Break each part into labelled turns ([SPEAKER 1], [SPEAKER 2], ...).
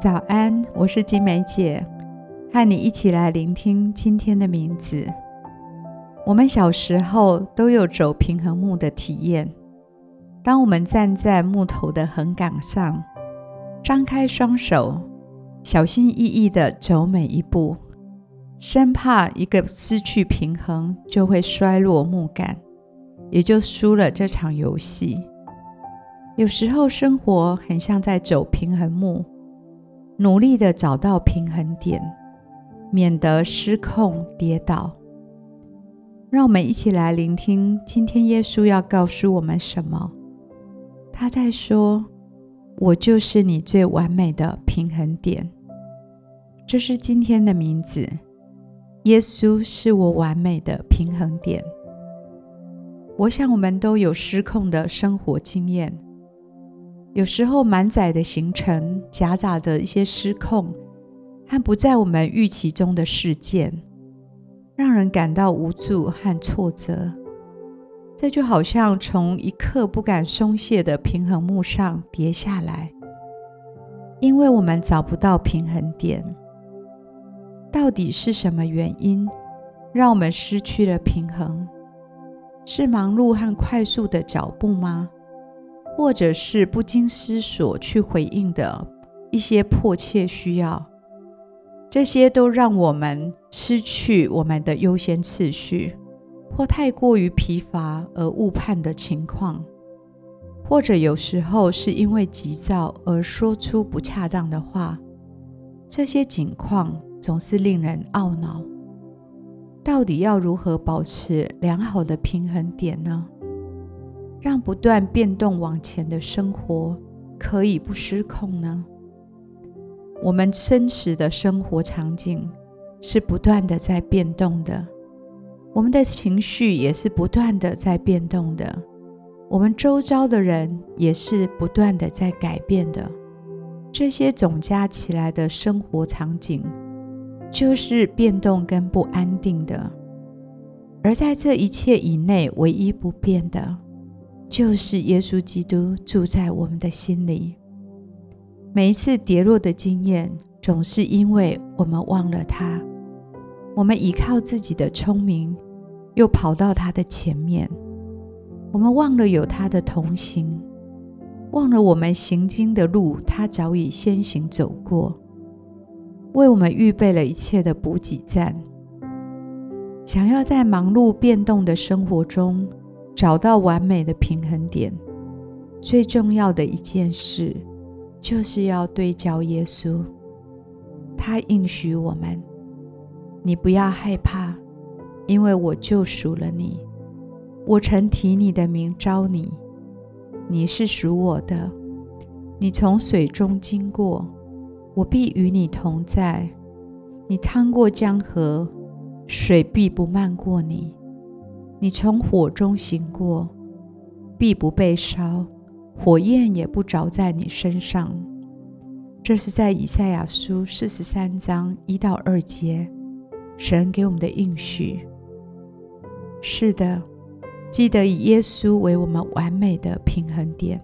[SPEAKER 1] 早安，我是晶玫姊，和你一起來聆聽今天的名字。我們小時候都有走平衡木的體驗。當我們站在木頭的橫桿上，張開雙手，小心翼翼地走每一步，生怕一個失去平衡就會摔落木桿，也就輸了這場遊戲。有時候生活很像在走平衡木。努力的找到平衡點，免得失控跌倒。讓我們一起來聆聽今天耶穌要告訴我們什麼。他在說：“我就是你最完美的平衡點。”這是今天的名字，耶穌是我完美的平衡點。我想我們都有失控的生活經驗。有時候滿載的行程夾雜着一些失控和不在我們預期中的事件，讓人感到無助和挫折。這就好像從一刻不敢鬆懈的平衡木上跌下來，因為我們找不到平衡點。到底是什麼原因讓我們失去了平衡？是忙碌和快速的腳步嗎？或者是不經思索去回應的一些迫切需要，這些都讓我們失去我們的優先次序，或太過於疲乏而誤判的情況，或者有時候是因為急躁而說出不恰當的話，這些情況總是令人懊惱。到底要如何保持良好的平衡點呢？讓不斷變動往前的生活可以不失控呢？我們真實的生活場景是不斷的在變動的，我們的情緒也是不斷的在變動的，我們周遭的人也是不斷的在改變的。這些總加起來的生活場景，就是變動跟不安定的。而在這一切以內，唯一不變的，就是耶穌基督住在我們的心裡。每一次跌落的經驗，總是因為我們忘了他，我們倚靠自己的聰明，又跑到他的前面。我們忘了有他的同行，忘了我們行經的路，他早已先行走過，為我們預備了一切的補給站。想要在忙碌變動的生活中，找到完美的平衡點，最重要的一件事，就是要對焦耶穌。他應許我們：“你不要害怕，因為我救贖了你。我曾提你的名召你，你是屬我的。你從水中經過，我必與你同在；你趟過江河，水必不漫過你。”你從火中行過，必不被燒，火焰也不着在你身上。這是在以賽亞書四十三章一到二節，神給我們的應許。是的，記得以耶穌為我們完美的平衡點，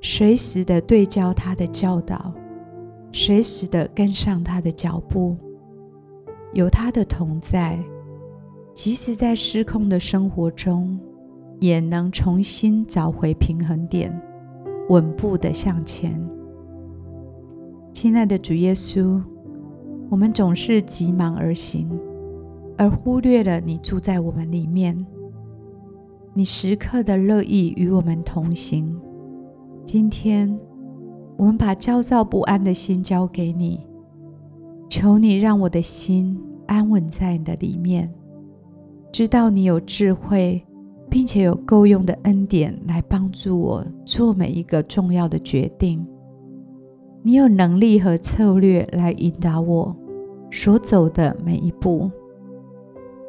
[SPEAKER 1] 隨時的對焦他的教導，隨時的跟上他的腳步，有他的同在。即使在失控的生活中，也能重新找回平衡點，穩步地向前。親愛的主耶穌，我們總是急忙而行，而忽略了你住在我們裡面。你時刻地樂意與我們同行。今天我們把焦躁不安的心交給你，求你讓我的心安穩在你的裡面。知道你有智慧，並且有夠用的恩典來幫助我做每一個重要的決定。你有能力和策略來引導我所走的每一步。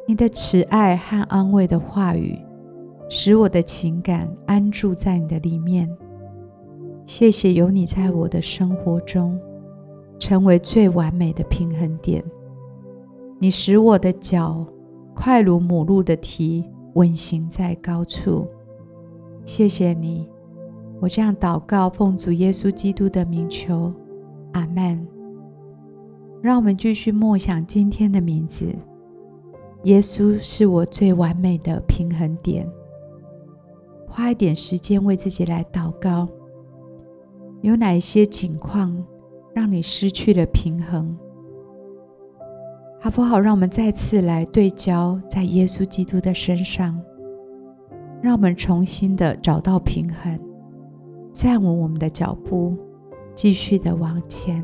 [SPEAKER 1] 你的慈愛和安慰的話語，使我的情感安住在你的裡面。謝謝有你在我的生活中，成為最完美的平衡點。你使我的腳。快如母鹿的蹄，穩行在高處。謝謝你，我這樣禱告，奉主耶穌基督的名求，阿門。讓我們繼續默想今天的名字。耶穌是我最完美的平衡點。花一點時間為自己來禱告。有哪一些情況讓你失去了平衡？好不好？讓我們再次來對焦在耶穌基督的身上，讓我們重新的找到平衡，站穩我們的腳步，繼續的往前。